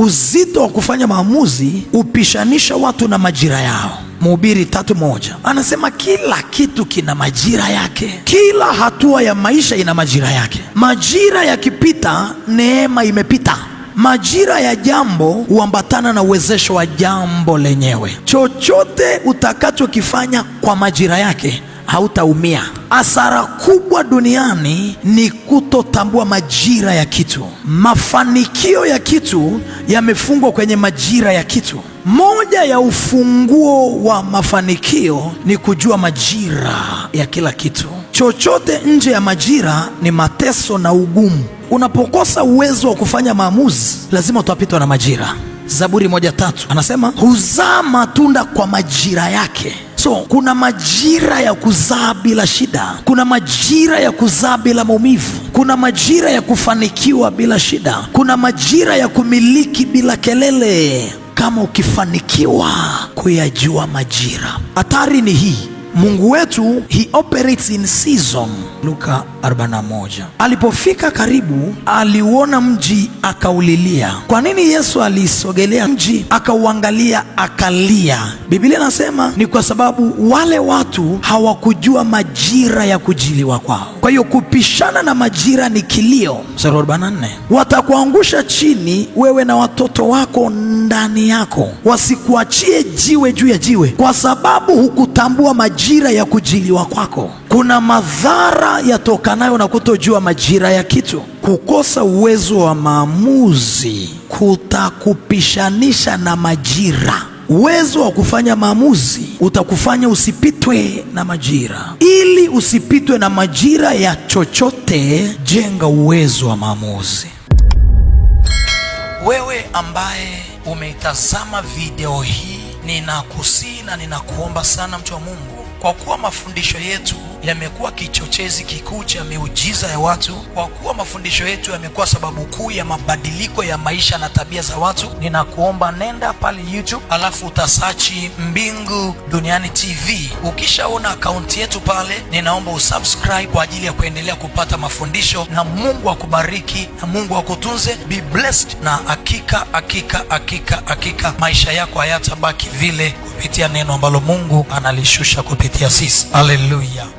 uzito wa kufanya maamuzi hupishanisha watu na majira yao. Mhubiri tatu moja anasema kila kitu kina majira yake, kila hatua ya maisha ina majira yake. Majira yakipita, neema imepita. Majira ya jambo huambatana na uwezesho wa jambo lenyewe. Chochote utakachokifanya kwa majira yake hautaumia. Hasara kubwa duniani ni kutotambua majira ya kitu. Mafanikio ya kitu yamefungwa kwenye majira ya kitu. Moja ya ufunguo wa mafanikio ni kujua majira ya kila kitu. Chochote nje ya majira ni mateso na ugumu. Unapokosa uwezo wa kufanya maamuzi, lazima utapitwa na majira. Zaburi moja tatu anasema huzaa matunda kwa majira yake. So kuna majira ya kuzaa bila shida, kuna majira ya kuzaa bila maumivu, kuna majira ya kufanikiwa bila shida, kuna majira ya kumiliki bila kelele, kama ukifanikiwa kuyajua majira. Hatari ni hii Mungu wetu he operates in season. Luka 41. Alipofika karibu, aliuona mji akaulilia. Kwa nini Yesu alisogelea mji akauangalia akalia? Biblia nasema ni kwa sababu wale watu hawakujua majira ya kujiliwa kwao. Kwa hiyo kupishana na majira ni kilio. Mstari wa 44, watakuangusha chini wewe na watoto wako ndani yako, wasikuachie jiwe juu ya jiwe, kwa sababu hukutambua majira ya kujiliwa kwako. Kuna madhara yatokanayo na kutojua majira ya kitu. Kukosa uwezo wa maamuzi kutakupishanisha na majira. Uwezo wa kufanya maamuzi utakufanya usipitwe na majira. Ili usipitwe na majira ya chochote, jenga uwezo wa maamuzi. Wewe ambaye umeitazama video hii, ninakusii na ninakuomba sana, mtu wa Mungu, kwa kuwa mafundisho yetu yamekuwa kichochezi kikuu cha miujiza ya watu. Kwa kuwa mafundisho yetu yamekuwa sababu kuu ya mabadiliko ya maisha na tabia za watu, ninakuomba nenda pale YouTube alafu utasachi Mbingu Duniani TV. Ukishaona akaunti yetu pale, ninaomba usubscribe kwa ajili ya kuendelea kupata mafundisho, na Mungu akubariki na Mungu akutunze. Be blessed, na hakika hakika hakika hakika maisha yako hayatabaki vile, kupitia neno ambalo Mungu analishusha kupitia sisi. Haleluya.